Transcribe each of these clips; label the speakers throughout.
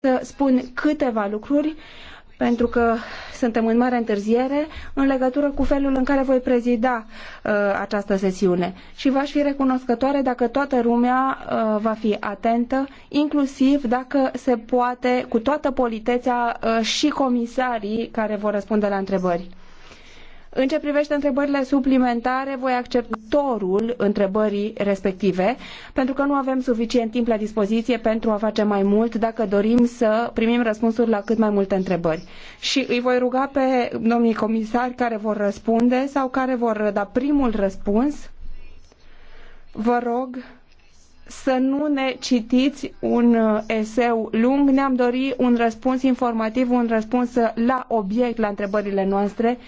Speaker 1: să spun câteva lucruri pentru că suntem în mare întârziere în legătură cu felul în care voi prezida uh, această sesiune. Și v-aș fi recunoscătoare dacă toată lumea uh, va fi atentă, inclusiv dacă se poate, cu toată politețea, uh, și comisarii care vor răspunde la întrebări. În ce privește întrebările suplimentare, voi accepta torul întrebării respective, pentru că nu avem suficient timp la dispoziție pentru a face mai mult dacă dorim să primim răspunsuri la cât mai multe întrebări. Și îi voi ruga pe domnii comisari care vor răspunde sau care vor da primul răspuns. Vă rog să nu ne citiți un uh, eseu lung, ne-am dorit un răspuns informativ, un răspuns la obiect la întrebările noastre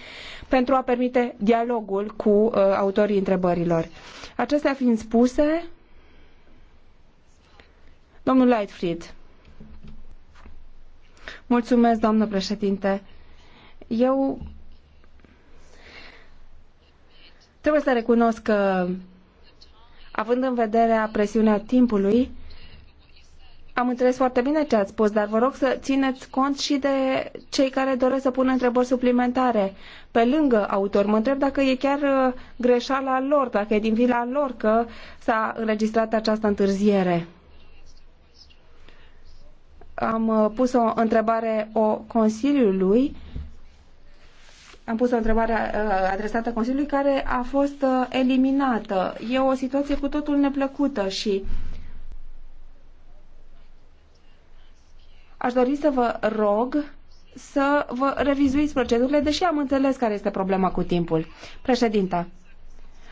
Speaker 1: pentru a permite dialogul cu uh, autorii întrebărilor. Acestea fiind spuse, domnul Lightfried. Mulțumesc, doamnă președinte. Eu trebuie să recunosc că, având în vedere presiunea timpului, am înțeles foarte bine ce ați spus, dar vă rog să țineți cont și de cei care doresc să pună întrebări suplimentare pe lângă autor. Mă întreb dacă e chiar uh, greșeala lor, dacă e din vila lor că s-a înregistrat această întârziere. Am uh, pus o întrebare o Consiliului am pus o întrebare uh, adresată Consiliului care a fost eliminată. E o situație cu totul neplăcută și Aș dori să vă rog să vă revizuiți procedurile, deși am înțeles care este problema cu timpul. Președinte,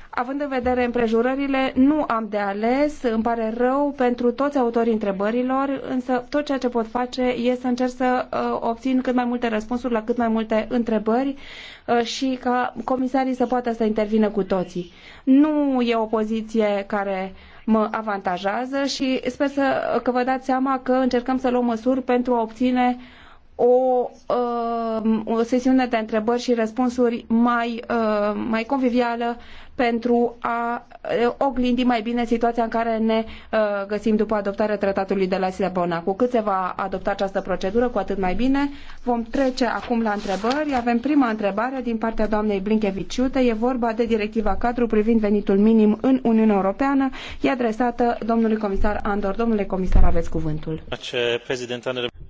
Speaker 1: având în vedere împrejurările, nu am de ales, îmi pare rău pentru toți autorii întrebărilor, însă tot ceea ce pot face este să încerc să uh, obțin cât mai multe răspunsuri la cât mai multe întrebări uh, și ca comisarii să poată să intervină cu toții. Nu e o poziție care mă avantajează și sper să, că vă dați seama că încercăm să luăm măsuri pentru a obține o, uh, o sesiune de întrebări și răspunsuri mai, uh, mai convivială pentru a oglindi mai bine situația în care ne găsim după adoptarea tratatului de la Lisabona. Cu cât se va adopta această procedură, cu atât mai bine. Vom trece acum la întrebări. Avem prima întrebare din partea doamnei Blinkeviciute. E vorba de directiva cadru privind venitul minim în Uniunea Europeană. E adresată domnului comisar Andor. Domnule comisar, aveți cuvântul.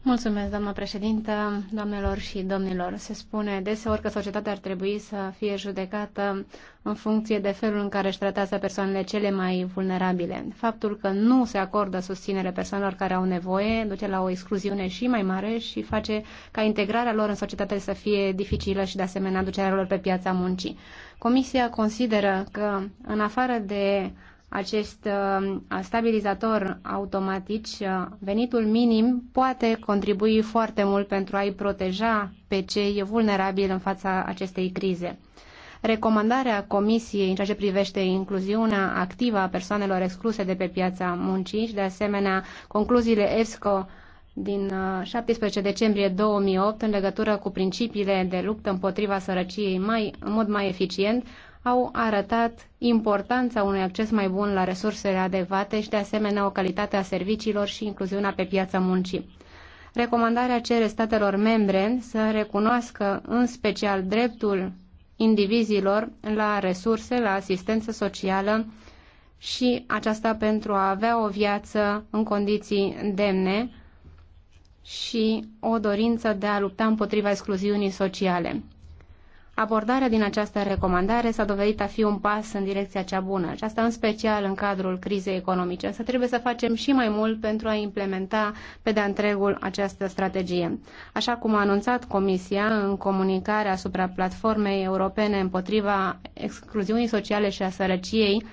Speaker 2: Mulțumesc, doamnă președintă, doamnelor și domnilor. Se spune deseori că societatea ar trebui să fie judecată în funcție de felul în care își tratează persoanele cele mai vulnerabile. Faptul că nu se acordă susținere persoanelor care au nevoie duce la o excluziune și mai mare și face ca integrarea lor în societate să fie dificilă și de asemenea ducerea lor pe piața muncii. Comisia consideră că în afară de acest uh, stabilizator automatici, uh, venitul minim poate contribui foarte mult pentru a-i proteja pe cei vulnerabili în fața acestei crize. Recomandarea Comisiei în ceea ce privește incluziunea activă a persoanelor excluse de pe piața muncii și, de asemenea, concluziile EFSCO din 17 uh, decembrie 2008 în legătură cu principiile de luptă împotriva sărăciei mai, în mod mai eficient au arătat importanța unui acces mai bun la resursele adecvate și de asemenea o calitate a serviciilor și incluziunea pe piața muncii. Recomandarea cere statelor membre să recunoască în special dreptul indivizilor la resurse, la asistență socială și aceasta pentru a avea o viață în condiții demne și o dorință de a lupta împotriva excluziunii sociale. Abordarea din această recomandare s-a dovedit a fi un pas în direcția cea bună, Asta în special în cadrul crizei economice, însă trebuie să facem și mai mult pentru a implementa pe de-a întregul această strategie. Așa cum a anunțat Comisia în comunicarea asupra platformei europene împotriva excluziunii sociale și a sărăciei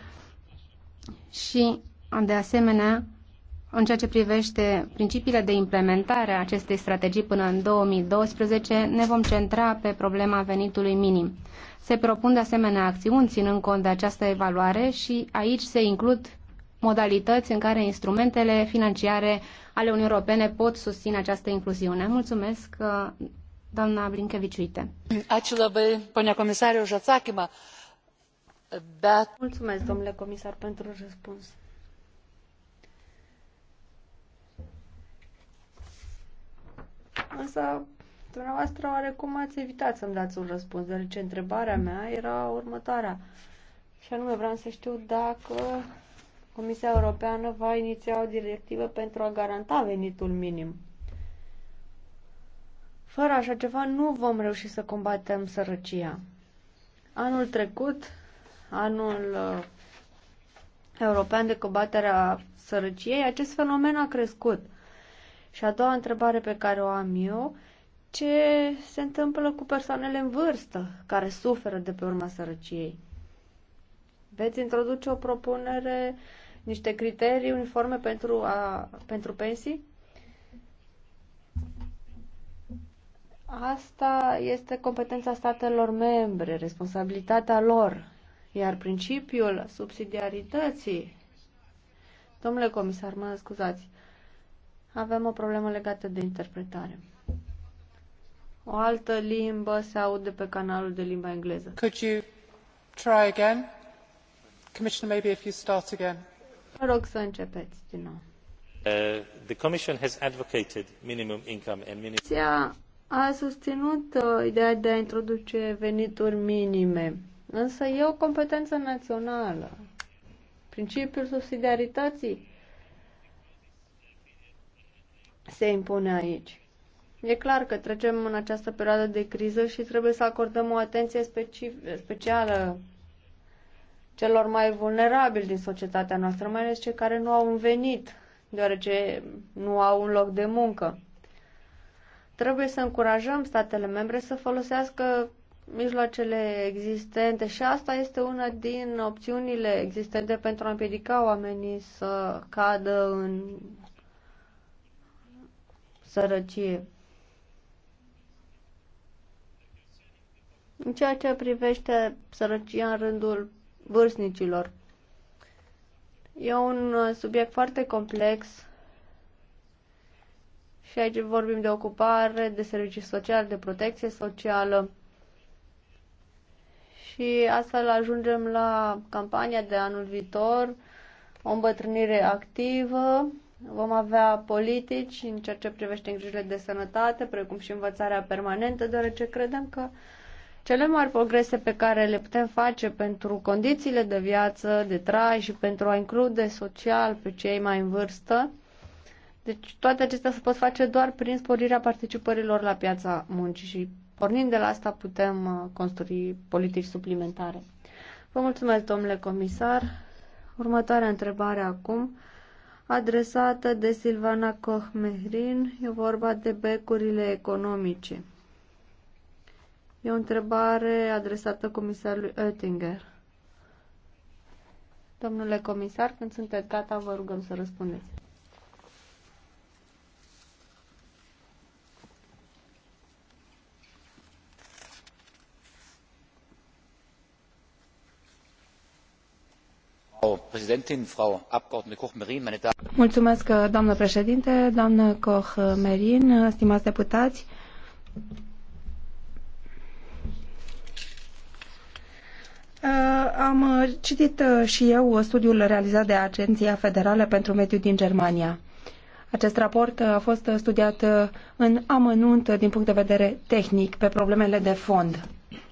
Speaker 2: și, de asemenea, în ceea ce privește principiile de implementare a acestei strategii până în 2012, ne vom centra pe problema venitului minim. Se propun de asemenea acțiuni ținând cont de această evaluare și aici se includ modalități în care instrumentele financiare ale Uniunii Europene pot susține această incluziune. Mulțumesc, uh, doamna Blinkevičiūtė. Ačiū
Speaker 3: Mulțumesc, domnule comisar, pentru răspuns. Însă, dumneavoastră, oarecum ați evitat să-mi dați un răspuns, deoarece întrebarea mea era următoarea. Și anume, vreau să știu dacă Comisia Europeană va iniția o directivă pentru a garanta venitul minim. Fără așa ceva nu vom reuși să combatem sărăcia. Anul trecut, anul uh, european de combatere a sărăciei, acest fenomen a crescut – și a doua întrebare pe care o am eu, ce se întâmplă cu persoanele în vârstă care suferă de pe urma sărăciei? Veți introduce o propunere, niște criterii uniforme pentru, a, pentru pensii? Asta este competența statelor membre, responsabilitatea lor. Iar principiul subsidiarității, domnule comisar, mă scuzați, avem o problemă legată de interpretare. O altă limbă se aude pe canalul de limba engleză. Could you try again? Commissioner, maybe if you start again. Vă rog să începeți din nou. Uh, the Commission has advocated minimum income and minimum a susținut uh, ideea de a introduce venituri minime, însă e o competență națională. Principiul subsidiarității se impune aici. E clar că trecem în această perioadă de criză și trebuie să acordăm o atenție specială celor mai vulnerabili din societatea noastră, mai ales cei care nu au un venit, deoarece nu au un loc de muncă. Trebuie să încurajăm statele membre să folosească mijloacele existente și asta este una din opțiunile existente pentru a împiedica oamenii să cadă în sărăcie. În ceea ce privește sărăcia în rândul vârstnicilor, e un subiect foarte complex și aici vorbim de ocupare, de servicii sociale, de protecție socială și astfel ajungem la campania de anul viitor, o îmbătrânire activă, Vom avea politici în ceea ce privește îngrijirile de sănătate, precum și învățarea permanentă, deoarece credem că cele mari progrese pe care le putem face pentru condițiile de viață, de trai și pentru a include social pe cei mai în vârstă, deci toate acestea se pot face doar prin sporirea participărilor la piața muncii și pornind de la asta putem uh, construi politici suplimentare. Vă mulțumesc, domnule comisar. Următoarea întrebare acum adresată de Silvana Cohmehrin. E vorba de becurile economice. E o întrebare adresată comisarului Oettinger. Domnule comisar, când sunteți gata, vă rugăm să răspundeți.
Speaker 2: Mulțumesc,
Speaker 1: doamnă președinte, doamnă Koch-Merin, stimați deputați. Uh, am citit uh, și eu studiul realizat de Agenția Federală pentru Mediu din Germania. Acest raport uh, a fost studiat în amănunt din punct de vedere tehnic pe problemele de fond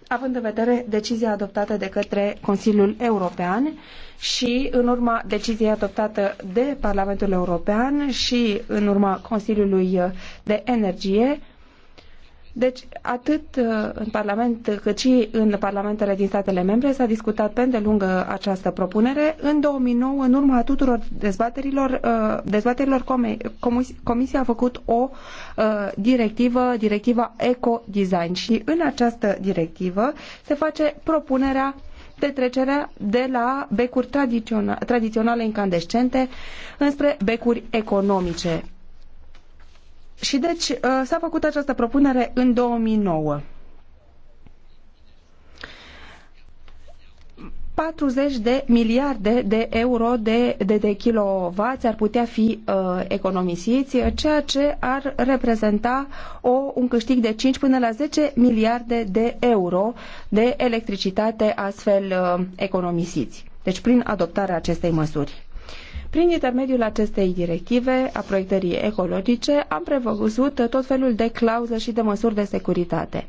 Speaker 1: având în vedere decizia adoptată de către Consiliul European și în urma deciziei adoptată de Parlamentul European și în urma Consiliului de Energie, deci, atât uh, în Parlament cât și în parlamentele din statele membre s-a discutat pe îndelungă această propunere. În 2009, în urma tuturor dezbaterilor, uh, dezbaterilor Comisia a făcut o uh, directivă, directiva Eco-Design și în această directivă se face propunerea de trecerea de la becuri tradiționale incandescente înspre becuri economice și deci uh, s-a făcut această propunere în 2009. 40 de miliarde de euro de, de, de kilovați ar putea fi uh, economisiți, ceea ce ar reprezenta o, un câștig de 5 până la 10 miliarde de euro de electricitate astfel uh, economisiți. Deci prin adoptarea acestei măsuri. Prin intermediul acestei directive a proiectării ecologice am prevăzut tot felul de clauze și de măsuri de securitate.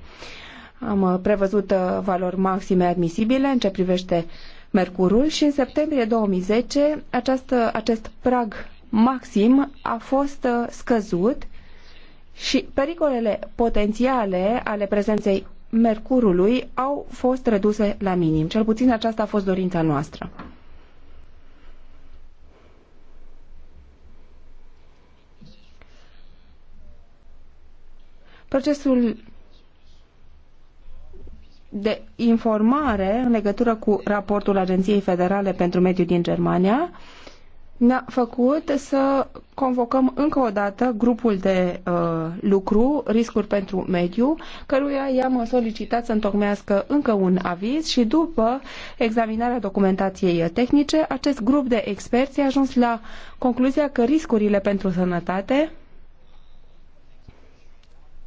Speaker 1: Am prevăzut valori maxime admisibile în ce privește mercurul și în septembrie 2010 această, acest prag maxim a fost scăzut și pericolele potențiale ale prezenței mercurului au fost reduse la minim. Cel puțin aceasta a fost dorința noastră. Procesul de informare în legătură cu raportul Agenției Federale pentru Mediul din Germania ne-a făcut să convocăm încă o dată grupul de uh, lucru, riscuri pentru mediu, căruia i-am solicitat să întocmească încă un aviz și după examinarea documentației tehnice, acest grup de experți a ajuns la concluzia că riscurile pentru sănătate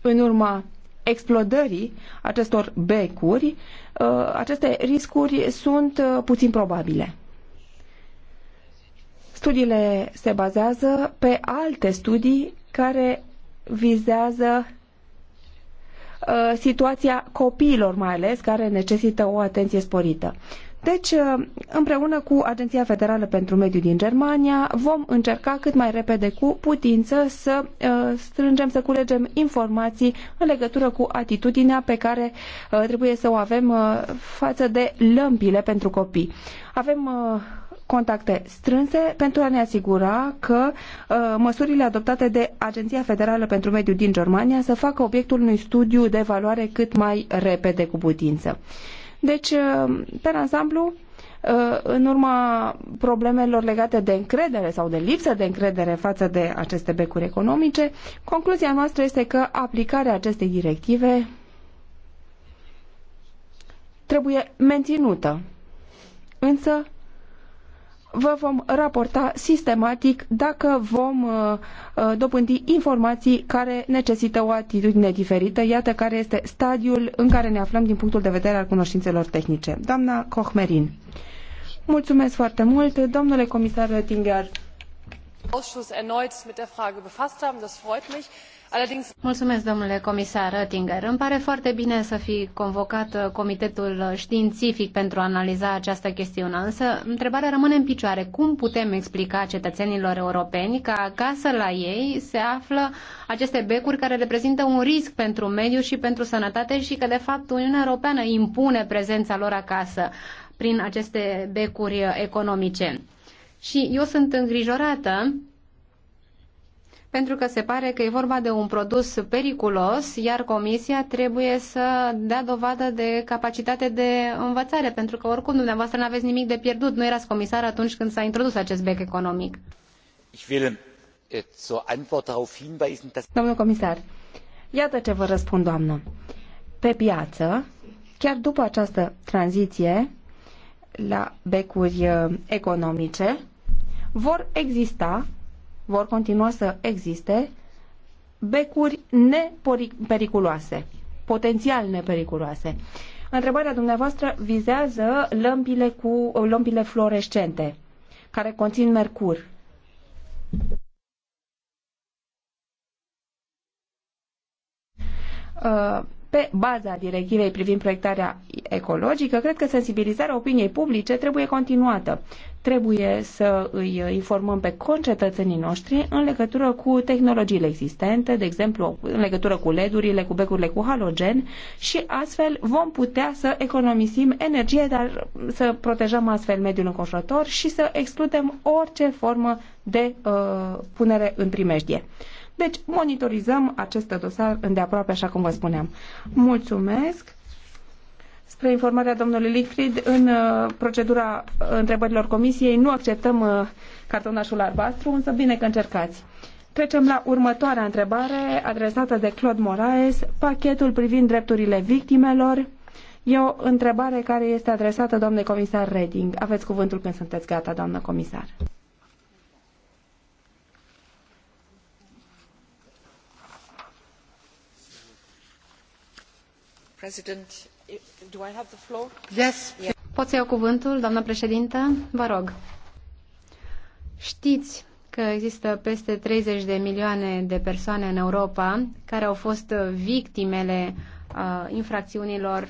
Speaker 1: în urma explodării acestor becuri, uh, aceste riscuri sunt uh, puțin probabile. Studiile se bazează pe alte studii care vizează uh, situația copiilor mai ales, care necesită o atenție sporită. Deci, uh, împreună cu Agenția Federală pentru Mediu din Germania, vom încerca cât mai repede cu putință să uh, strângem, să culegem informații în legătură cu atitudinea pe care uh, trebuie să o avem față de lămpile pentru copii. Avem contacte strânse pentru a ne asigura că uh, măsurile adoptate de Agenția Federală pentru Mediu din Germania să facă obiectul unui studiu de valoare cât mai repede cu putință. Deci, uh, pe ansamblu, uh, în urma problemelor legate de încredere sau de lipsă de încredere față de aceste becuri economice, concluzia noastră este că aplicarea acestei directive trebuie menținută. Însă, vă vom raporta sistematic dacă vom uh, uh, dobândi informații care necesită o atitudine diferită. Iată care este stadiul în care ne aflăm din punctul de vedere al cunoștințelor tehnice. Doamna Cohmerin. Mulțumesc foarte mult, domnule comisar
Speaker 3: Oettinger. Ausschuss erneut mit der Frage befasst haben, das freut mich
Speaker 2: Mulțumesc, domnule comisar Oettinger. Îmi pare foarte bine să fi convocat uh, Comitetul uh, Științific pentru a analiza această chestiune, însă întrebarea rămâne în picioare. Cum putem explica cetățenilor europeni că acasă la ei se află aceste becuri care reprezintă un risc pentru mediu și pentru sănătate și că, de fapt, Uniunea Europeană impune prezența lor acasă prin aceste becuri uh, economice? Și eu sunt îngrijorată pentru că se pare că e vorba de un produs periculos, iar comisia trebuie să dea dovadă de capacitate de învățare, pentru că oricum dumneavoastră nu aveți nimic de pierdut, nu erați comisar atunci când s-a introdus acest bec economic. Eh, Domnul comisar,
Speaker 1: iată ce vă răspund, doamnă. Pe piață, chiar după această tranziție la becuri eh, economice, vor exista vor continua să existe becuri nepericuloase, potențial nepericuloase. Întrebarea dumneavoastră vizează lămpile, cu, lămpile fluorescente care conțin mercur. Uh, pe baza directivei privind proiectarea ecologică, cred că sensibilizarea opiniei publice trebuie continuată. Trebuie să îi informăm pe concetățenii noștri în legătură cu tehnologiile existente, de exemplu în legătură cu LED-urile, cu becurile cu halogen și astfel vom putea să economisim energie, dar să protejăm astfel mediul înconjurător și să excludem orice formă de uh, punere în primejdie. Deci monitorizăm acest dosar îndeaproape, așa cum vă spuneam. Mulțumesc! Spre informarea domnului Lichfried, în uh, procedura uh, întrebărilor comisiei nu acceptăm uh, cartonașul albastru, însă bine că încercați. Trecem la următoarea întrebare adresată de Claude Moraes, pachetul privind drepturile victimelor. E o întrebare care este adresată doamnei comisar Reding. Aveți cuvântul când sunteți gata, doamnă comisar.
Speaker 2: Pot să iau cuvântul, doamnă președintă? Vă rog. Știți că există peste 30 de milioane de persoane în Europa care au fost victimele uh, infracțiunilor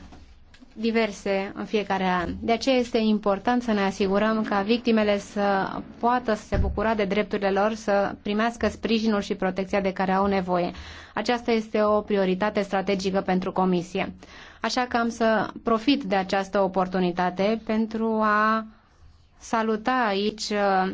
Speaker 2: diverse în fiecare an. De aceea este important să ne asigurăm ca victimele să poată să se bucura de drepturile lor, să primească sprijinul și protecția de care au nevoie. Aceasta este o prioritate strategică pentru Comisie. Așa că am să profit de această oportunitate pentru a saluta aici uh,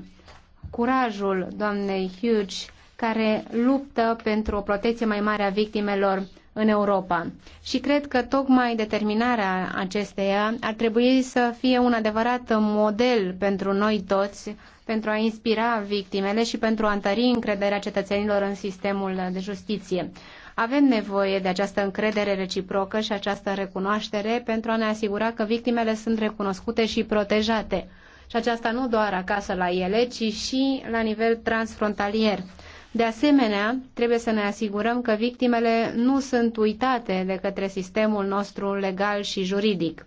Speaker 2: curajul doamnei Hughes care luptă pentru o protecție mai mare a victimelor în Europa. Și cred că tocmai determinarea acesteia ar trebui să fie un adevărat model pentru noi toți, pentru a inspira victimele și pentru a întări încrederea cetățenilor în sistemul de justiție. Avem nevoie de această încredere reciprocă și această recunoaștere pentru a ne asigura că victimele sunt recunoscute și protejate. Și aceasta nu doar acasă la ele, ci și la nivel transfrontalier de asemenea, trebuie să ne asigurăm că victimele nu sunt uitate de către sistemul nostru legal și juridic.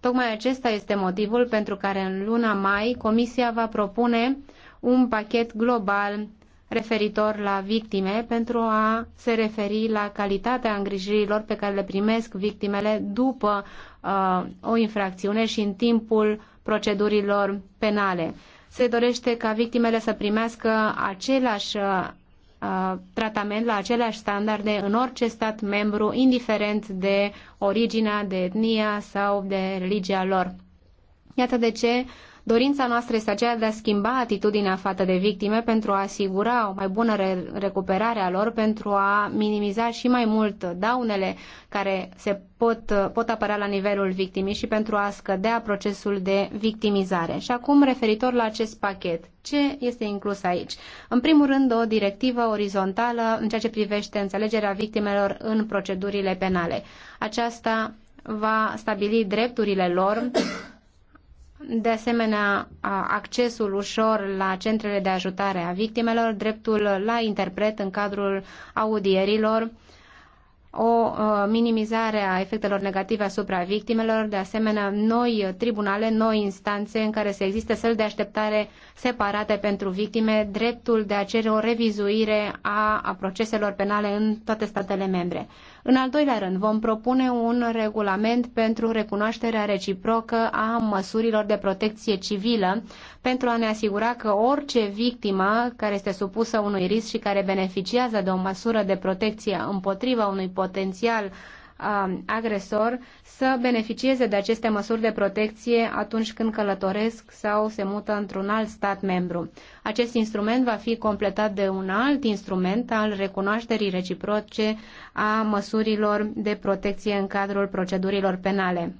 Speaker 2: Tocmai acesta este motivul pentru care în luna mai Comisia va propune un pachet global referitor la victime pentru a se referi la calitatea îngrijirilor pe care le primesc victimele după uh, o infracțiune și în timpul procedurilor penale. Se dorește ca victimele să primească aceleași uh, Uh, tratament la aceleași standarde în orice stat membru, indiferent de originea, de etnia sau de religia lor. Iată de ce Dorința noastră este aceea de a schimba atitudinea față de victime pentru a asigura o mai bună re- recuperare a lor, pentru a minimiza și mai mult daunele care se pot, pot apărea la nivelul victimii și pentru a scădea procesul de victimizare. Și acum, referitor la acest pachet, ce este inclus aici? În primul rând, o directivă orizontală în ceea ce privește înțelegerea victimelor în procedurile penale. Aceasta va stabili drepturile lor de asemenea accesul ușor la centrele de ajutare a victimelor, dreptul la interpret în cadrul audierilor, o minimizare a efectelor negative asupra victimelor, de asemenea noi tribunale, noi instanțe în care se existe săl de așteptare separate pentru victime, dreptul de a cere o revizuire a, a proceselor penale în toate statele membre. În al doilea rând, vom propune un regulament pentru recunoașterea reciprocă a măsurilor de protecție civilă pentru a ne asigura că orice victimă care este supusă unui risc și care beneficiază de o măsură de protecție împotriva unui potențial agresor să beneficieze de aceste măsuri de protecție atunci când călătoresc sau se mută într-un alt stat membru. Acest instrument va fi completat de un alt instrument al recunoașterii reciproce a măsurilor de protecție în cadrul procedurilor penale.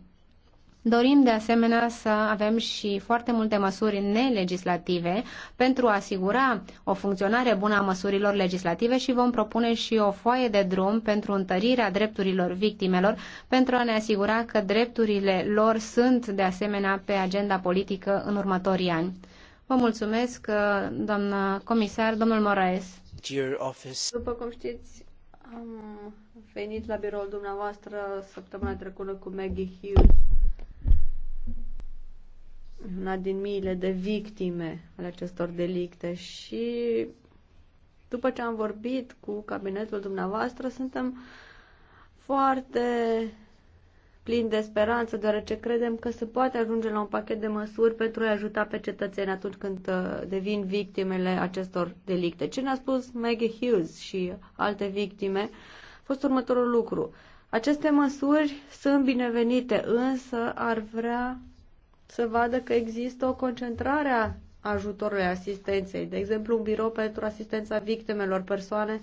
Speaker 2: Dorim de asemenea să avem și foarte multe măsuri nelegislative pentru a asigura o funcționare bună a măsurilor legislative și vom propune și o foaie de drum pentru întărirea drepturilor victimelor, pentru a ne asigura că drepturile lor sunt de asemenea pe agenda politică în următorii ani. Vă mulțumesc, uh, doamna comisar, domnul Moraes.
Speaker 3: După cum știți, am venit la biroul dumneavoastră săptămâna trecută cu Maggie Hughes una din miile de victime ale acestor delicte și după ce am vorbit cu cabinetul dumneavoastră, suntem foarte plini de speranță, deoarece credem că se poate ajunge la un pachet de măsuri pentru a ajuta pe cetățeni atunci când uh, devin victimele acestor delicte. Ce ne-a spus Maggie Hughes și alte victime a fost următorul lucru. Aceste măsuri sunt binevenite, însă ar vrea să vadă că există o concentrare a ajutorului asistenței, de exemplu un birou pentru asistența victimelor, persoane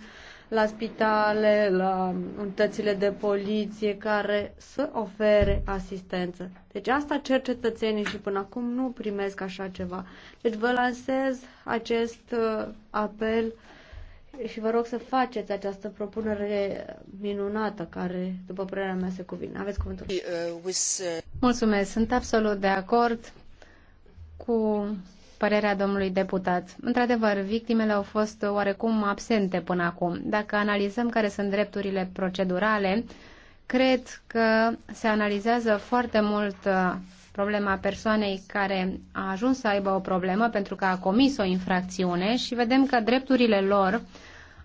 Speaker 3: la spitale, la unitățile de poliție care să ofere asistență. Deci asta cer cetățenii și până acum nu primesc așa ceva. Deci vă lansez acest uh, apel și vă rog să faceți această propunere minunată care, după părerea mea, se cuvine. Aveți cuvântul. Uh, uh,
Speaker 2: Mulțumesc. Sunt absolut de acord cu părerea domnului deputat. Într-adevăr, victimele au fost oarecum absente până acum. Dacă analizăm care sunt drepturile procedurale, cred că se analizează foarte mult uh, problema persoanei care a ajuns să aibă o problemă pentru că a comis o infracțiune și vedem că drepturile lor uh,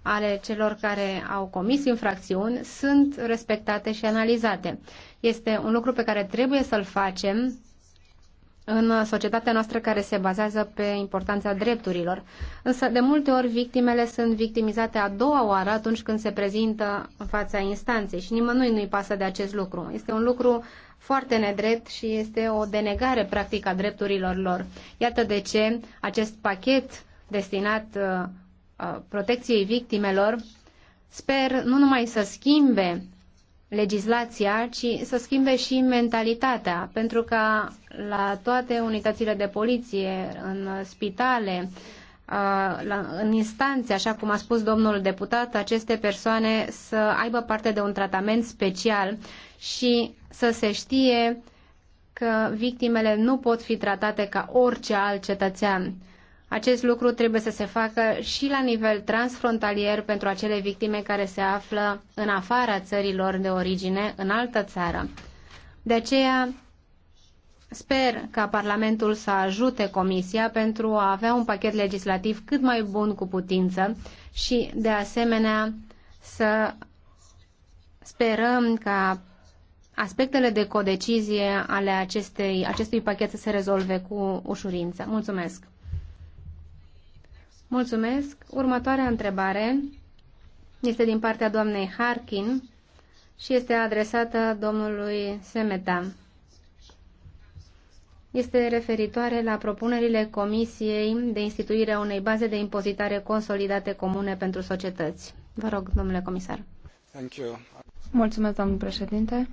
Speaker 2: ale celor care au comis infracțiuni sunt respectate și analizate. Este un lucru pe care trebuie să-l facem în societatea noastră care se bazează pe importanța drepturilor. Însă, de multe ori, victimele sunt victimizate a doua oară atunci când se prezintă în fața instanței și nimănui nu-i pasă de acest lucru. Este un lucru foarte nedrept și este o denegare practică a drepturilor lor. Iată de ce acest pachet destinat uh, protecției victimelor, sper nu numai să schimbe legislația, ci să schimbe și mentalitatea, pentru că la toate unitățile de poliție, în spitale, în instanțe, așa cum a spus domnul deputat, aceste persoane să aibă parte de un tratament special și să se știe că victimele nu pot fi tratate ca orice alt cetățean. Acest lucru trebuie să se facă și la nivel transfrontalier pentru acele victime care se află în afara țărilor de origine, în altă țară. De aceea, Sper ca Parlamentul să ajute Comisia pentru a avea un pachet legislativ cât mai bun cu putință și, de asemenea, să sperăm ca aspectele de codecizie ale acestei, acestui pachet să se rezolve cu ușurință. Mulțumesc! Mulțumesc. Următoarea întrebare este din partea doamnei Harkin și este adresată domnului Semeta. Este referitoare la propunerile Comisiei de instituire a unei baze de impozitare consolidate comune pentru societăți. Vă rog, domnule comisar. Mulțumesc,
Speaker 1: domnul președinte.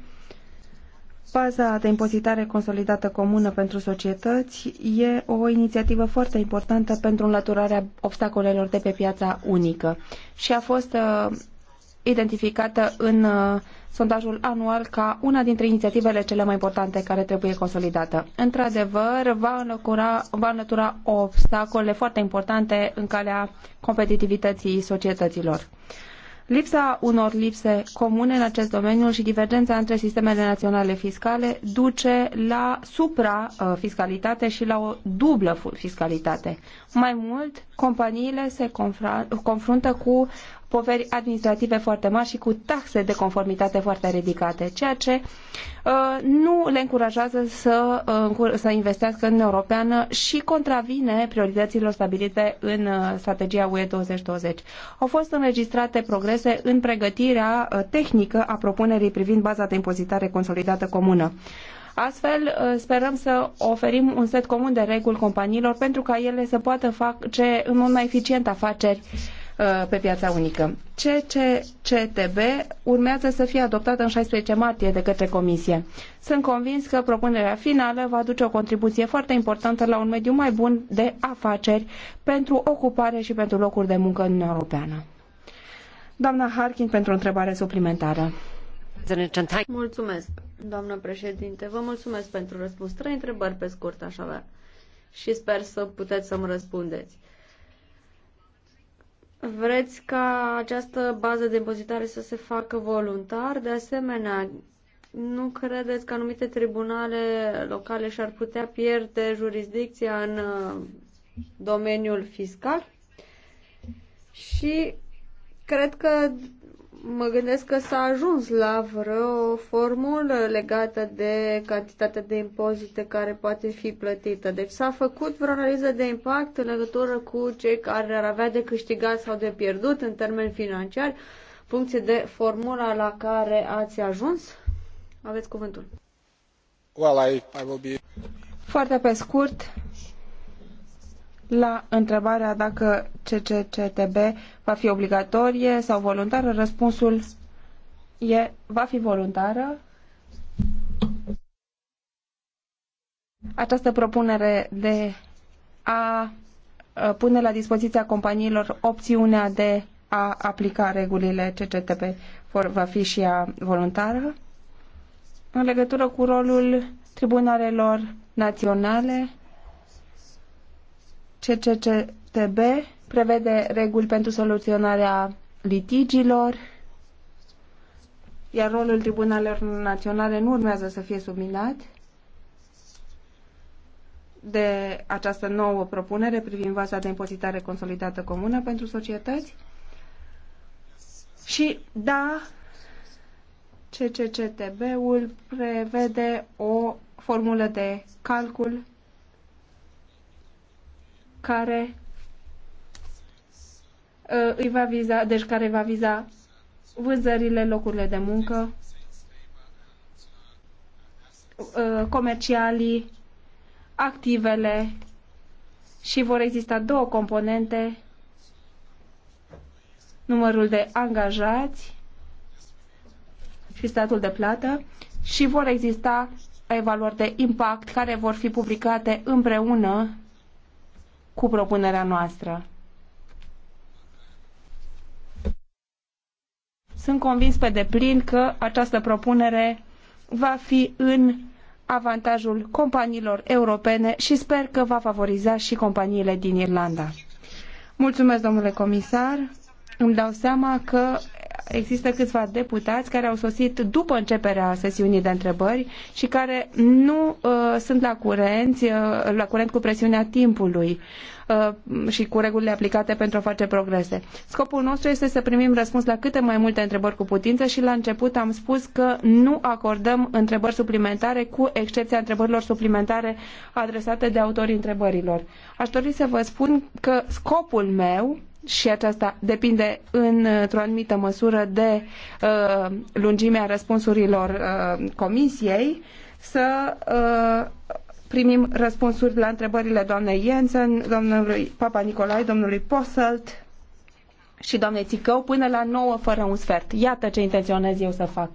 Speaker 1: Baza de impozitare consolidată comună pentru societăți e o inițiativă foarte importantă pentru înlăturarea obstacolelor de pe piața unică și a fost uh, identificată în uh, sondajul anual ca una dintre inițiativele cele mai importante care trebuie consolidată. Într-adevăr, va, va înlătura obstacole foarte importante în calea competitivității societăților. Uh, Lipsa unor lipse comune în acest domeniu și divergența între sistemele naționale fiscale duce la suprafiscalitate și la o dublă fiscalitate. Mai mult, companiile se confruntă cu poveri administrative foarte mari și cu taxe de conformitate foarte ridicate, ceea ce uh, nu le încurajează să, uh, să investească în Europeană și contravine priorităților stabilite în uh, strategia UE 2020. Au fost înregistrate progrese în pregătirea tehnică a propunerii privind baza de impozitare consolidată comună. Astfel, sperăm să oferim un set comun de reguli companiilor pentru ca ele să poată face în mod mai eficient afaceri Uh, pe piața unică. CCCTB urmează să fie adoptată în 16 martie de către Comisie. Sunt convins că propunerea finală va aduce o contribuție foarte importantă la un mediu mai bun de afaceri pentru ocupare și pentru locuri de muncă în Uniunea Europeană. Doamna Harkin pentru o întrebare suplimentară.
Speaker 3: Mulțumesc, doamnă președinte. Vă mulțumesc pentru răspuns. Trei întrebări pe scurt aș avea și sper să puteți să-mi răspundeți. Vreți ca această bază de impozitare să se facă voluntar? De asemenea, nu credeți că anumite tribunale locale și-ar putea pierde jurisdicția în uh, domeniul fiscal? Și cred că mă gândesc că s-a ajuns la vreo formulă legată de cantitatea de impozite care poate fi plătită. Deci s-a făcut vreo analiză de impact în legătură cu cei care ar avea de câștigat sau de pierdut în termeni financiari, funcție de formula la care ați ajuns? Aveți cuvântul.
Speaker 2: Well, I, I will be...
Speaker 3: Foarte pe scurt, la întrebarea
Speaker 1: dacă CCCTB va fi obligatorie sau voluntară, răspunsul e va fi voluntară. Această propunere de a pune la dispoziția companiilor opțiunea de a aplica regulile CCTB va fi și ea voluntară. În legătură cu rolul tribunalelor naționale, CCCTB prevede reguli pentru soluționarea litigiilor, iar rolul tribunalelor naționale nu urmează să fie subminat de această nouă propunere privind vaza de impozitare consolidată comună pentru societăți. Și da, CCCTB-ul prevede o formulă de calcul care uh, îi va viza, deci care va viza vânzările, locurile de muncă, uh, comercialii, activele și vor exista două componente, numărul de angajați și statul de plată și vor exista evaluări de impact care vor fi publicate împreună cu propunerea noastră. Sunt convins pe deplin că această propunere va fi în avantajul companiilor europene și sper că va favoriza și companiile din Irlanda. Mulțumesc, domnule comisar. Îmi dau seama că există câțiva deputați care au sosit după începerea sesiunii de întrebări și care nu uh, sunt la curent, uh, la curent cu presiunea timpului uh, și cu regulile aplicate pentru a face progrese. Scopul nostru este să primim răspuns la câte mai multe întrebări cu putință și la început am spus că nu acordăm întrebări suplimentare cu excepția întrebărilor suplimentare adresate de autorii întrebărilor. Aș dori să vă spun că scopul meu și aceasta depinde într-o anumită măsură de uh, lungimea răspunsurilor uh, comisiei, să uh, primim răspunsuri la întrebările doamnei Jensen, domnului Papa Nicolae, domnului Posselt și doamnei Țicău până la 9 fără un sfert. Iată ce intenționez eu să fac.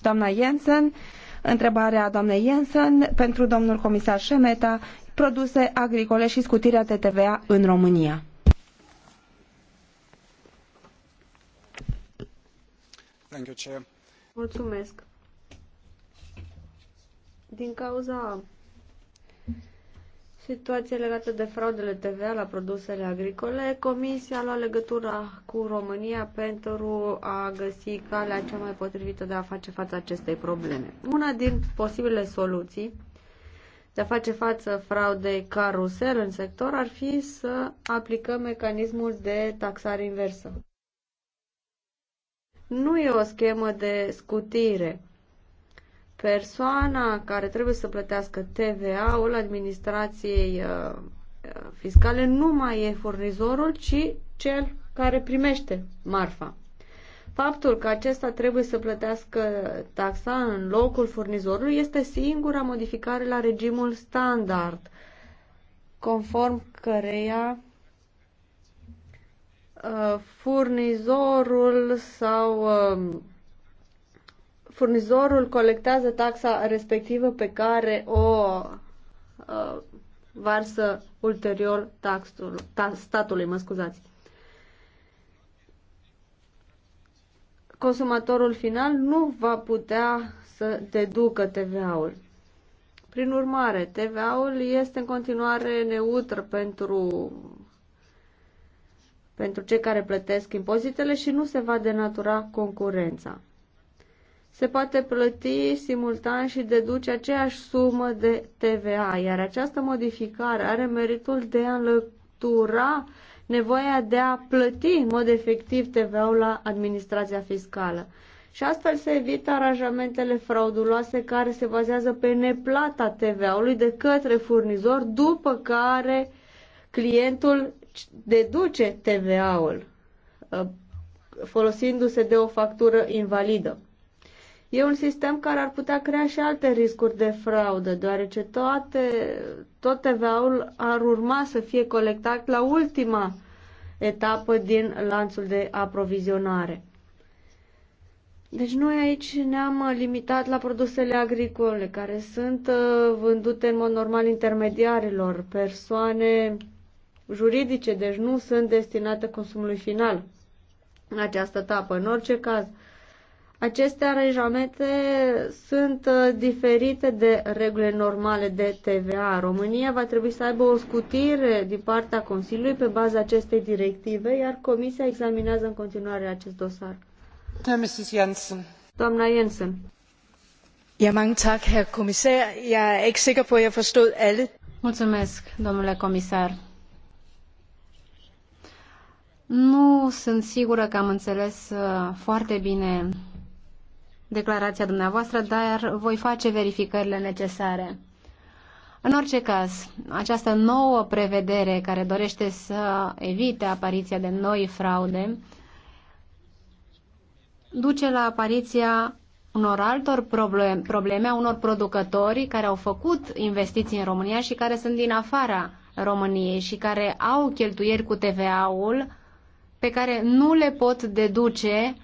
Speaker 1: Doamna Jensen, întrebarea doamnei Jensen pentru domnul comisar Șemeta, produse agricole și scutirea de TVA în România.
Speaker 3: Din cauza situației legate de fraudele TVA la produsele agricole, Comisia a luat legătura cu România pentru a găsi calea cea mai potrivită de a face față acestei probleme. Una din posibile soluții de a face față fraudei carusel în sector ar fi să aplicăm mecanismul de taxare inversă nu e o schemă de scutire. Persoana care trebuie să plătească TVA-ul administrației uh, uh, fiscale nu mai e furnizorul, ci cel care primește marfa. Faptul că acesta trebuie să plătească taxa în locul furnizorului este singura modificare la regimul standard, conform căreia Uh, furnizorul sau uh, furnizorul colectează taxa respectivă pe care o uh, varsă ulterior taxul, ta, statului, mă scuzați. Consumatorul final nu va putea să deducă TVA-ul. Prin urmare, TVA-ul este în continuare neutră pentru pentru cei care plătesc impozitele și nu se va denatura concurența. Se poate plăti simultan și deduce aceeași sumă de TVA, iar această modificare are meritul de a înlătura nevoia de a plăti în mod efectiv TVA-ul la administrația fiscală. Și astfel se evită aranjamentele frauduloase care se bazează pe neplata TVA-ului de către furnizor, după care clientul deduce TVA-ul uh, folosindu-se de o factură invalidă. E un sistem care ar putea crea și alte riscuri de fraudă, deoarece toate, tot TVA-ul ar urma să fie colectat la ultima etapă din lanțul de aprovizionare. Deci noi aici ne-am limitat la produsele agricole, care sunt uh, vândute în mod normal intermediarilor, persoane juridice, deci nu sunt destinate consumului final în această etapă. În orice caz, aceste aranjamente sunt uh, diferite de regulile normale de TVA. România va trebui să aibă o scutire din partea Consiliului pe baza acestei directive, iar Comisia examinează în continuare acest dosar. Mrs. Jensen. Doamna Jensen. Ja, mange tak, herr kommissar. Jeg er ikke
Speaker 2: sikker på, at jeg forstod alle. Mulțumesc, domnule comisar. Nu sunt sigură că am înțeles uh, foarte bine declarația dumneavoastră, dar voi face verificările necesare. În orice caz, această nouă prevedere care dorește să evite apariția de noi fraude duce la apariția unor altor probleme, a unor producători care au făcut investiții în România și care sunt din afara României și care au cheltuieri cu TVA-ul pe care nu le pot deduce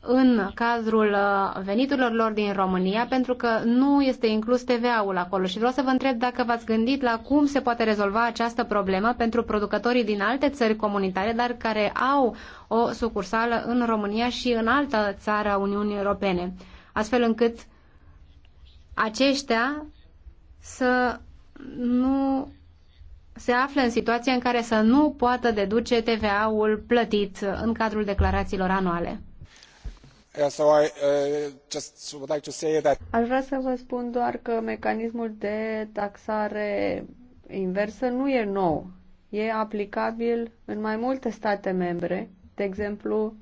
Speaker 2: în cadrul uh, veniturilor lor din România, pentru că nu este inclus TVA-ul acolo. Și vreau să vă întreb dacă v-ați gândit la cum se poate rezolva această problemă pentru producătorii din alte țări comunitare, dar care au o sucursală în România și în altă țară a Uniunii Europene, astfel încât aceștia să nu se află în situația în care să nu poată deduce TVA-ul plătit în cadrul declarațiilor anuale. Aș vrea să vă spun doar că
Speaker 3: mecanismul de taxare inversă nu e nou. E aplicabil în mai multe state membre, de exemplu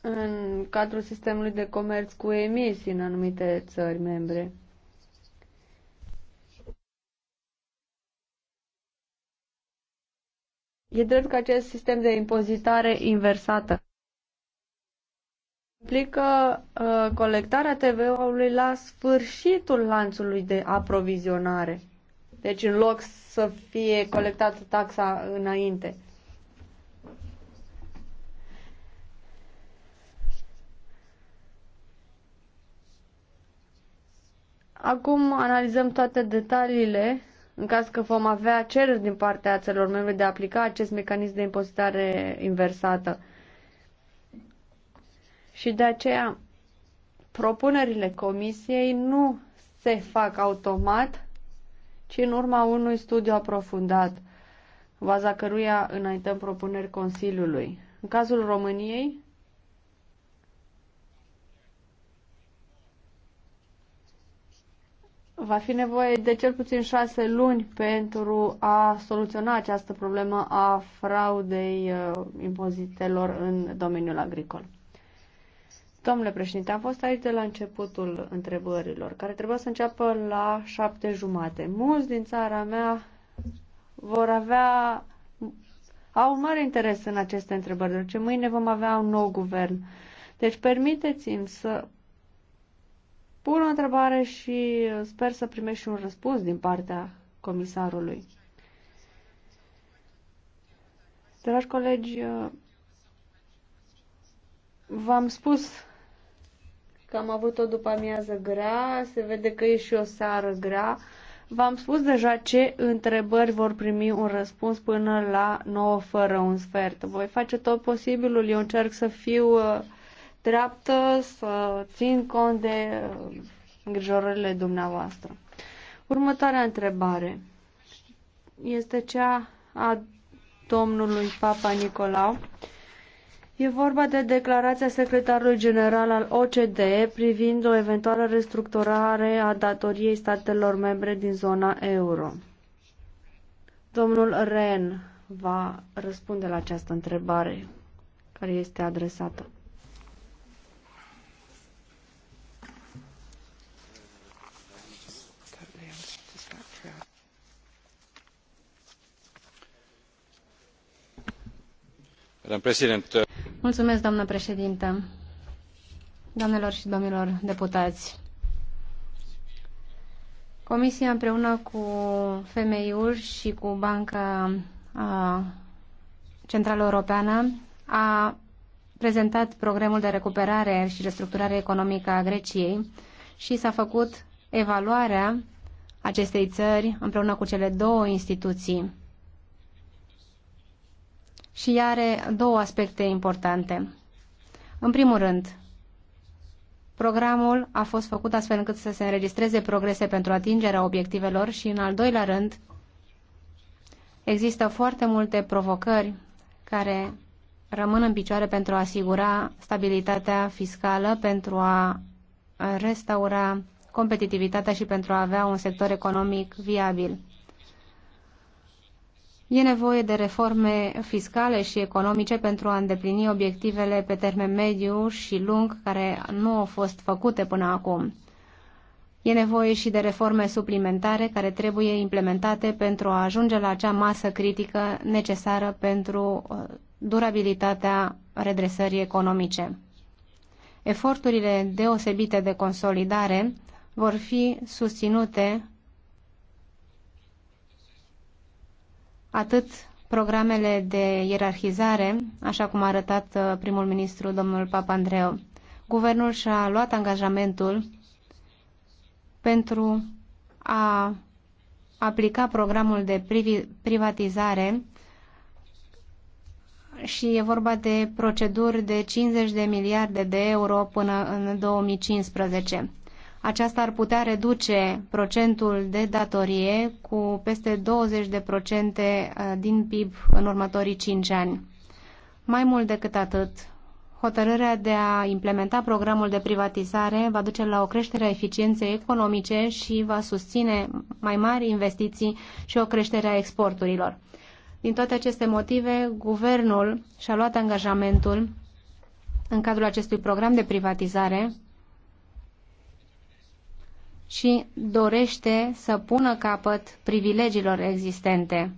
Speaker 3: în cadrul sistemului de comerț cu emisii în anumite țări membre. E drept că acest sistem de impozitare inversată implică uh, colectarea TVO ului la sfârșitul lanțului de aprovizionare. Deci în loc să fie colectată taxa înainte. Acum analizăm toate detaliile în caz că vom avea cereri din partea țărilor membre de a aplica acest mecanism de impozitare inversată. Și de aceea propunerile comisiei nu se fac automat, ci în urma unui studiu aprofundat, baza căruia înaintăm propuneri Consiliului. În cazul României, va fi nevoie de cel puțin șase luni pentru a soluționa această problemă a fraudei uh, impozitelor în domeniul agricol. Domnule președinte, am fost aici de la începutul întrebărilor, care trebuie să înceapă la șapte jumate. Mulți din țara mea vor avea, au mare interes în aceste întrebări, deoarece mâine vom avea un nou guvern. Deci permiteți-mi să Pun o întrebare și sper să primești un răspuns din partea comisarului. Dragi colegi, v-am spus că am avut o după amiază grea, se vede că e și o seară grea. V-am spus deja ce întrebări vor primi un răspuns până la 9 fără un sfert. Voi face tot posibilul, eu încerc să fiu uh, dreaptă, să țin cont de uh, îngrijorările dumneavoastră. Următoarea întrebare este cea a domnului Papa Nicolau. E vorba de declarația secretarului general al OCDE privind o eventuală restructurare a datoriei statelor membre din zona euro. Domnul Ren va răspunde la această întrebare care este adresată. Uh,
Speaker 2: Mulțumesc, doamnă președintă. Doamnelor și domnilor deputați, Comisia împreună cu FMI-ul și cu Banca Centrală Europeană a prezentat programul de recuperare și restructurare economică a Greciei și s-a făcut evaluarea acestei țări împreună cu cele două instituții și are două aspecte importante. În primul rând, programul a fost făcut astfel încât să se înregistreze progrese pentru atingerea obiectivelor și, în al doilea rând, există foarte multe provocări care rămân în picioare pentru a asigura stabilitatea fiscală, pentru a restaura competitivitatea și pentru a avea un sector economic viabil. E nevoie de reforme fiscale și economice pentru a îndeplini obiectivele pe termen mediu și lung care nu au fost făcute până acum. E nevoie și de reforme suplimentare care trebuie implementate pentru a ajunge la acea masă critică necesară pentru uh, durabilitatea redresării economice. Eforturile deosebite de consolidare vor fi susținute atât programele de ierarhizare, așa cum a arătat uh, primul ministru domnul Papandreou. Guvernul și-a luat angajamentul pentru a aplica programul de privatizare și e vorba de proceduri de 50 de miliarde de euro până în 2015. Aceasta ar putea reduce procentul de datorie cu peste 20% uh, din PIB în următorii 5 ani. Mai mult decât atât, hotărârea de a implementa programul de privatizare va duce la o creștere a eficienței economice și va susține mai mari investiții și o creștere a exporturilor. Din toate aceste motive, guvernul și-a luat angajamentul în cadrul acestui program de privatizare și dorește să pună capăt privilegiilor existente.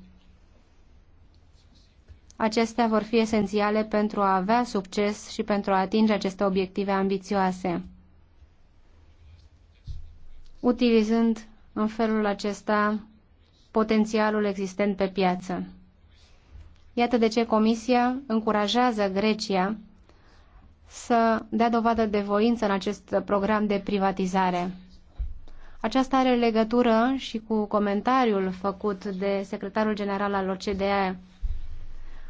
Speaker 2: Acestea vor fi esențiale pentru a avea succes și pentru a atinge aceste obiective ambițioase. Utilizând în felul acesta potențialul existent pe piață. Iată de ce Comisia încurajează Grecia să dea dovadă de voință în acest program de privatizare. Aceasta are legătură și cu comentariul făcut de secretarul general al OCDE.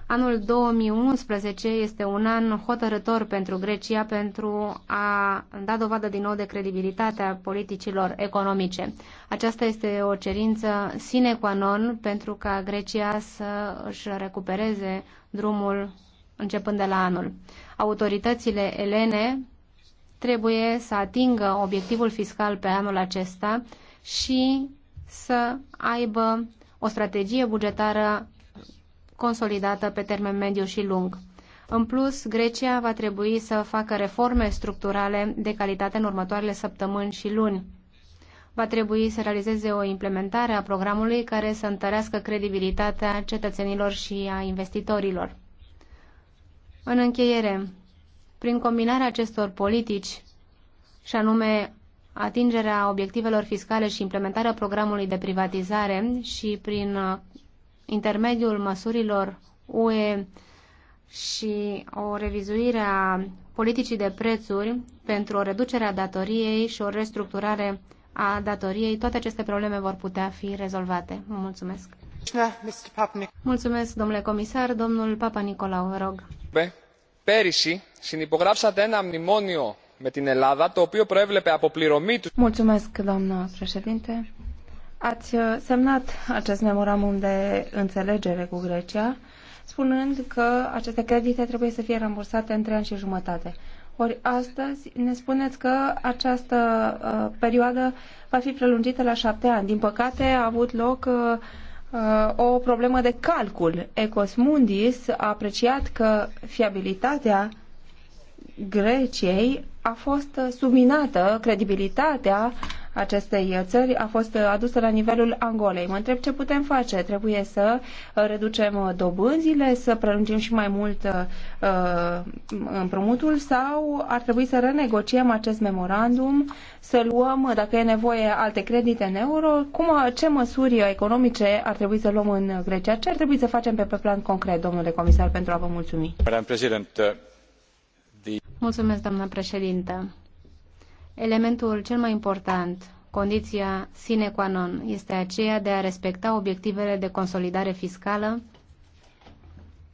Speaker 2: Anul 2011 este un an hotărător pentru Grecia pentru a da dovadă din nou de credibilitatea politicilor economice. Aceasta este o cerință sine qua non pentru ca Grecia să își recupereze drumul începând de la anul. Autoritățile elene trebuie să atingă obiectivul fiscal pe anul acesta și să aibă o strategie bugetară consolidată pe termen mediu și lung. În plus, Grecia va trebui să facă reforme structurale de calitate în următoarele săptămâni și luni. Va trebui să realizeze o implementare a programului care să întărească credibilitatea cetățenilor și a investitorilor. În încheiere, prin combinarea acestor politici, și anume atingerea obiectivelor fiscale și implementarea programului de privatizare și prin uh, intermediul măsurilor UE și o revizuire a politicii de prețuri pentru o reducere a datoriei și o restructurare a datoriei, toate aceste probleme vor putea fi rezolvate. Vă mulțumesc. Ah, mulțumesc, domnule comisar. Domnul Papa Nicolau, vă rog
Speaker 3: πέρυσι συνυπογράψατε ένα μνημόνιο με την Ελλάδα το οποίο προέβλεπε αποπληρωμή του.
Speaker 1: Mulțumesc, doamnă președinte. Ați uh, semnat acest memorandum de înțelegere cu Grecia, spunând că aceste credite trebuie să fie rambursate în trei ani și jumătate. Ori astăzi ne spuneți că această uh, perioadă va fi prelungită la șapte ani. Din păcate a avut loc uh, Uh, o problemă de calcul. Ecosmundis a apreciat că fiabilitatea Greciei a fost subminată credibilitatea acestei țări a fost adusă la nivelul Angolei. Mă întreb ce putem face. Trebuie să uh, reducem uh, dobânzile, să prelungim și mai mult uh, împrumutul sau ar trebui să renegociem acest memorandum, să luăm, dacă e nevoie, alte credite în euro? Cum, ce măsuri economice ar trebui să luăm în Grecia? Ce ar trebui să facem pe plan concret, domnule comisar, pentru a vă mulțumi?
Speaker 2: Mulțumesc, doamnă președintă Elementul cel mai important, condiția sine qua non, este aceea de a respecta obiectivele de consolidare fiscală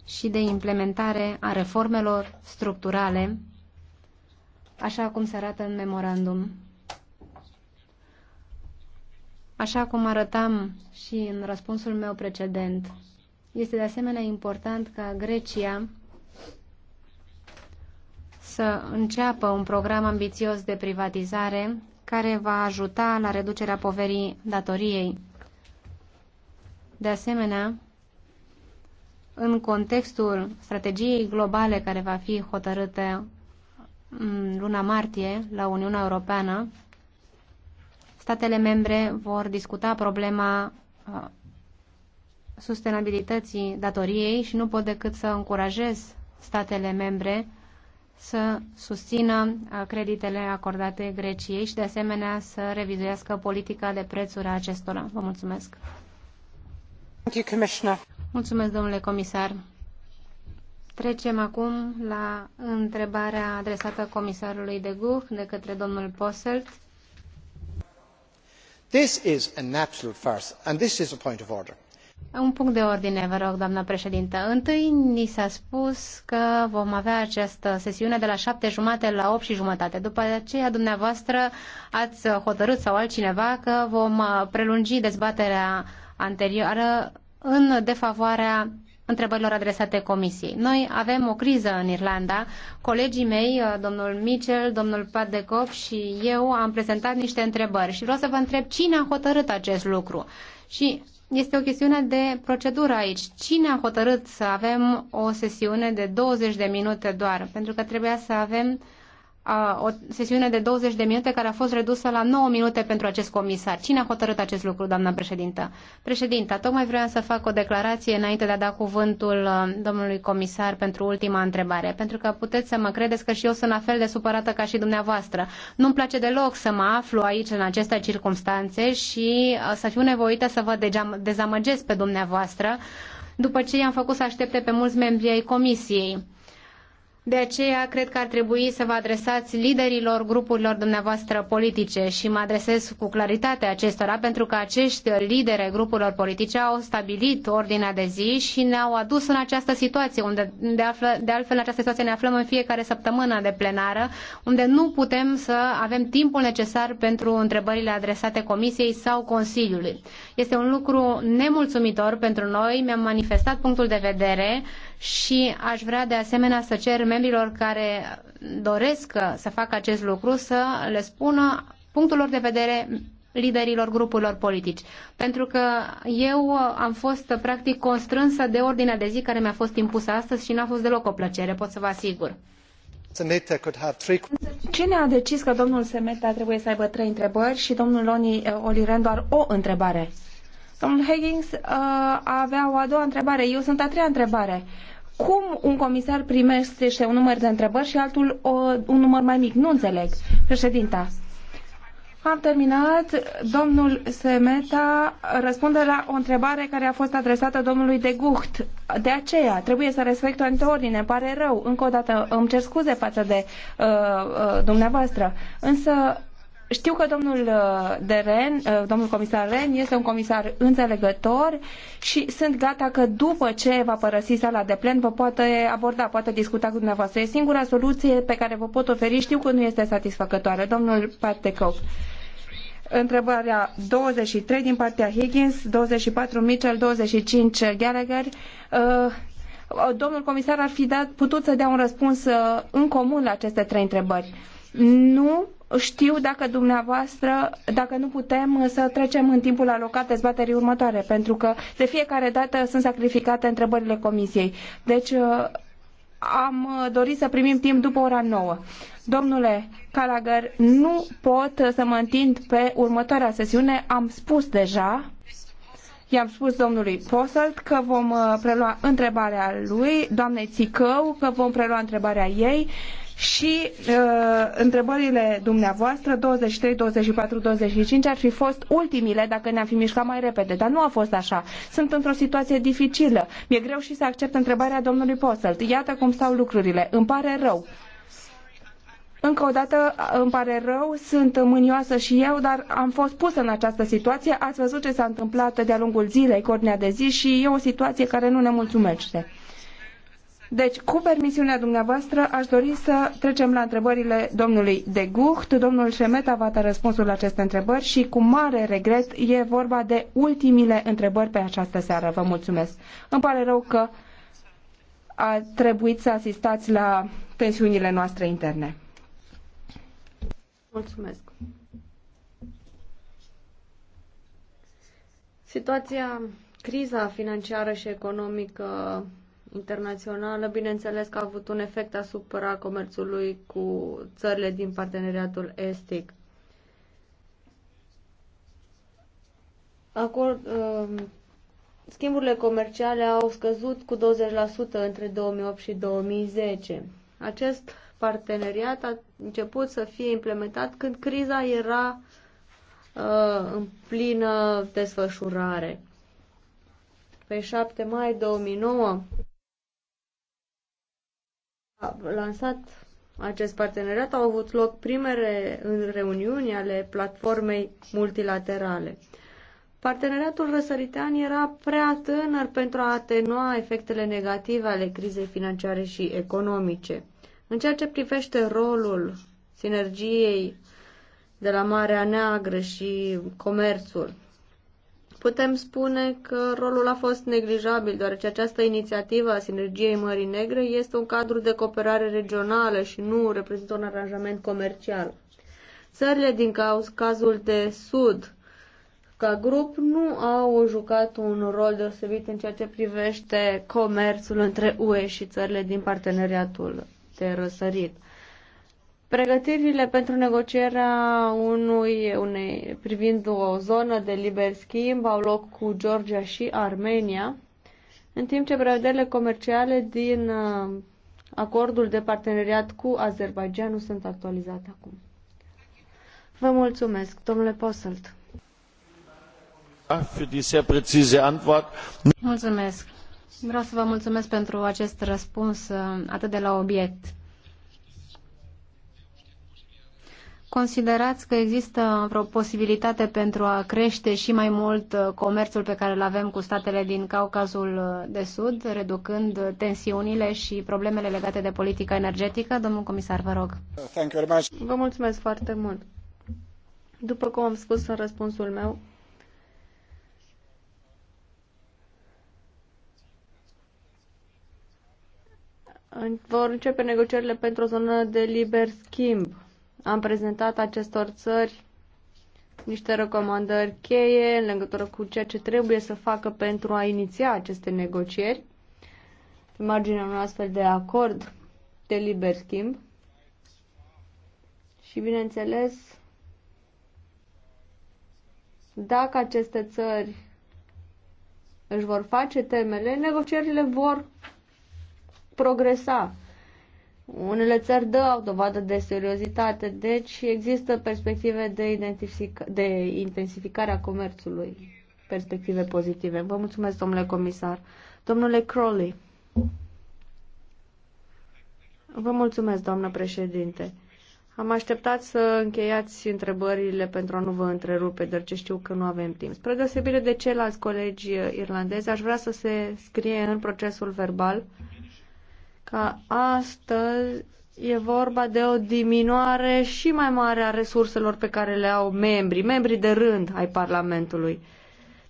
Speaker 2: și de implementare a reformelor structurale, așa cum se arată în memorandum. Așa cum arătam și în răspunsul meu precedent, este de asemenea important ca Grecia să înceapă un program ambițios de privatizare care va ajuta la reducerea poverii datoriei. De asemenea, în contextul strategiei globale care va fi hotărâtă în luna martie la Uniunea Europeană, statele membre vor discuta problema uh, sustenabilității datoriei și nu pot decât să încurajez statele membre să susțină uh, creditele acordate Greciei și, de asemenea, să revizuiască politica de prețuri a acestora. Vă mulțumesc. Mulțumesc, domnule comisar. Trecem acum la întrebarea adresată comisarului de Gucht de către domnul Posselt. This is an absolute farce and this is a point of order. Un punct de ordine, vă rog, doamna președintă. Întâi ni s-a spus că vom avea această sesiune de la șapte jumate la opt și jumătate. După aceea, dumneavoastră ați hotărât sau altcineva că vom uh, prelungi dezbaterea anterioară în defavoarea întrebărilor adresate comisiei. Noi avem o criză în Irlanda. Colegii mei, uh, domnul Mitchell, domnul Pat de Cop și eu am prezentat niște întrebări și vreau să vă întreb cine a hotărât acest lucru. Și este o chestiune de procedură aici. Cine a hotărât să avem o sesiune de 20 de minute doar? Pentru că trebuia să avem a, o sesiune de 20 de minute care a fost redusă la 9 minute pentru acest comisar. Cine a hotărât acest lucru, doamna președintă? Președinta, tocmai vreau să fac o declarație înainte de a da cuvântul uh, domnului comisar pentru ultima întrebare, pentru că puteți să mă credeți că și eu sunt la fel de supărată ca și dumneavoastră. Nu-mi place deloc să mă aflu aici în aceste circunstanțe și uh, să fiu nevoită să vă dezamăgesc pe dumneavoastră după ce i-am făcut să aștepte pe mulți membri ai comisiei. De aceea, cred că ar trebui să vă adresați liderilor grupurilor dumneavoastră politice și mă adresez cu claritate acestora, pentru că acești lideri ai grupurilor politice au stabilit ordinea de zi și ne-au adus în această situație, unde de, află, de altfel în această situație ne aflăm în fiecare săptămână de plenară, unde nu putem să avem timpul necesar pentru întrebările adresate Comisiei sau Consiliului. Este un lucru nemulțumitor pentru noi, mi-am manifestat punctul de vedere, și aș vrea de asemenea să cer membrilor care doresc să facă acest lucru să le spună punctul lor de vedere liderilor grupurilor politici. Pentru că eu am fost practic constrânsă de ordinea de zi care mi-a fost impusă astăzi și n-a fost deloc o plăcere, pot să vă asigur. Cine a decis că domnul
Speaker 1: Semeta trebuie să aibă trei întrebări și domnul Loni eh, Oliren doar o întrebare? Domnul Higgins uh, avea o a doua întrebare. Eu sunt a treia întrebare cum un comisar primește un număr de întrebări și altul o, un număr mai mic? Nu înțeleg. Președinta, am terminat. Domnul Semeta răspunde la o întrebare care a fost adresată domnului de Gucht. De aceea, trebuie să respect o ordine. Pare rău. Încă o dată îmi cer scuze față de uh, uh, dumneavoastră. Însă știu că domnul, uh, de Ren, uh, domnul comisar Ren este un comisar înțelegător și sunt gata că după ce va părăsi sala de plen vă poate aborda, poate discuta cu dumneavoastră. E singura soluție pe care vă pot oferi. Știu că nu este satisfăcătoare. Domnul Patecov. Întrebarea 23 din partea Higgins, 24 Mitchell, 25 Gallagher. Uh, domnul comisar ar fi dat, putut să dea un răspuns în comun la aceste trei întrebări. Nu știu dacă dumneavoastră, dacă nu putem uh, să trecem în timpul alocat dezbaterii următoare, pentru că de fiecare dată sunt sacrificate întrebările comisiei. Deci uh, am uh, dorit să primim timp după ora 9. Domnule Calagăr, nu pot să mă întind pe următoarea sesiune, am spus deja I-am spus domnului Posselt că vom prelua întrebarea lui, doamnei Țicău, că vom prelua întrebarea ei și uh, întrebările dumneavoastră 23, 24, 25 ar fi fost ultimile dacă ne-am fi mișcat mai repede, dar nu a fost așa. Sunt într-o situație dificilă. Mi-e greu și să accept întrebarea domnului Posselt. Iată cum stau lucrurile. Îmi pare rău. Încă o dată îmi pare rău, sunt mânioasă și eu, dar am fost pusă în această situație. Ați văzut ce s-a întâmplat de-a lungul zilei, cornea de zi și e o situație care nu ne mulțumește. Deci, cu permisiunea dumneavoastră, aș dori să trecem la întrebările domnului De Gucht. Domnul Șemeta va da răspunsul la aceste întrebări și, cu mare regret, e vorba de ultimile întrebări pe această seară. Vă mulțumesc. Îmi pare rău că a trebuit să asistați la tensiunile noastre interne.
Speaker 3: Mulțumesc. Situația, criza financiară și economică internațională, bineînțeles că a avut un efect asupra comerțului cu țările din parteneriatul estic. Acord, uh, schimburile comerciale au scăzut cu 20% între 2008 și 2010. Acest parteneriat a început să fie implementat când criza era uh, în plină desfășurare. Pe 7 mai 2009, a lansat acest parteneriat au avut loc primele în reuniuni ale platformei multilaterale. Parteneriatul răsăritean era prea tânăr pentru a atenua efectele negative ale crizei financiare și economice. În ceea ce privește rolul sinergiei de la Marea Neagră și comerțul, Putem spune că rolul a fost neglijabil, deoarece această inițiativă a Sinergiei Mării Negre este un cadru de cooperare regională și nu reprezintă un aranjament comercial. Țările din cauz, cazul de Sud, ca grup, nu au jucat un rol deosebit în ceea ce privește comerțul între UE și țările din parteneriatul de răsărit. Pregătirile pentru negocierea unui, unei, privind o zonă de liber schimb au loc cu Georgia și Armenia, în timp ce prevederile comerciale din uh, acordul de parteneriat cu nu sunt actualizate acum.
Speaker 2: Vă mulțumesc, domnule Posselt. Da, mulțumesc. Vreau să vă mulțumesc pentru acest răspuns uh, atât de la obiect. Considerați că există vreo posibilitate pentru a crește și mai mult uh, comerțul pe care îl avem cu statele din Caucazul uh, de Sud, reducând tensiunile și problemele legate de politica energetică? Domnul comisar, vă rog. Vă mulțumesc foarte mult. După cum am spus în răspunsul meu,
Speaker 3: vor începe negocierile pentru o zonă de liber schimb am prezentat acestor țări niște recomandări cheie în legătură cu ceea ce trebuie să facă pentru a iniția aceste negocieri pe marginea unui astfel de acord de liber schimb. Și bineînțeles, dacă aceste țări își vor face temele, negocierile vor progresa. Unele țări au dovadă de seriozitate, deci există perspective de, identific- de intensificare a comerțului, perspective pozitive. Vă mulțumesc, domnule comisar. Domnule Crowley. Vă mulțumesc, doamnă președinte. Am așteptat să încheiați întrebările pentru a nu vă întrerupe, dar ce știu că nu avem timp. Spre deosebire de ceilalți colegi irlandezi, aș vrea să se scrie în procesul verbal uh, ca astăzi e vorba de o diminuare și mai mare a resurselor pe care le au membrii, membrii de rând ai Parlamentului.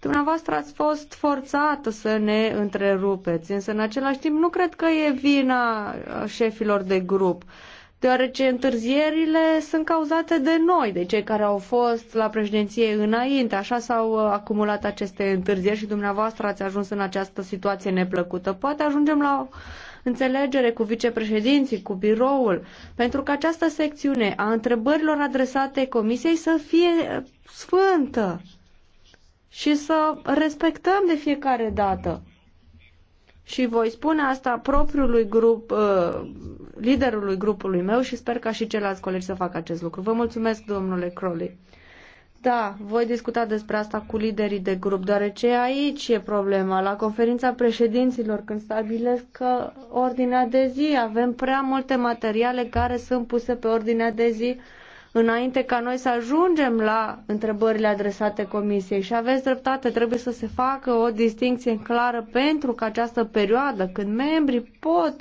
Speaker 3: Dumneavoastră ați fost forțată să ne întrerupeți, însă în același timp nu cred că e vina șefilor de grup, deoarece întârzierile sunt cauzate de noi, de cei care au fost la președinție înainte. Așa s-au uh, acumulat aceste întârzieri și dumneavoastră ați ajuns în această situație neplăcută. Poate ajungem la înțelegere cu vicepreședinții, cu biroul, pentru că această secțiune a întrebărilor adresate Comisiei să fie sfântă și să respectăm de fiecare dată. Și voi spune asta propriului grup, uh, liderului grupului meu și sper ca și ceilalți colegi să facă acest lucru. Vă mulțumesc, domnule Crowley. Da, voi discuta despre asta cu liderii de grup, deoarece aici e problema. La conferința președinților, când stabilesc că ordinea de zi, avem prea multe materiale care sunt puse pe ordinea de zi înainte ca noi să ajungem la întrebările adresate comisiei. Și aveți dreptate, trebuie să se facă o distinție clară pentru că această perioadă când membrii pot uh,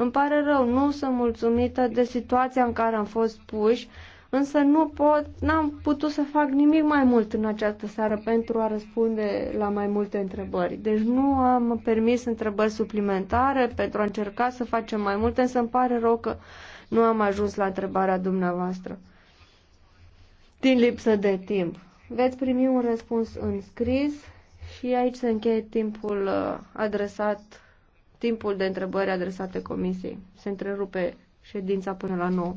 Speaker 3: îmi pare rău, nu sunt mulțumită de situația în care am fost puși, însă nu pot, n-am putut să fac nimic mai mult în această seară pentru a răspunde la mai multe întrebări. Deci nu am permis întrebări suplimentare pentru a încerca să facem mai multe, însă îmi pare rău că nu am ajuns la întrebarea dumneavoastră. Din lipsă de timp. Veți primi un răspuns în scris și aici se încheie timpul uh, adresat timpul de întrebări adresate comisiei. Se întrerupe ședința până la 9.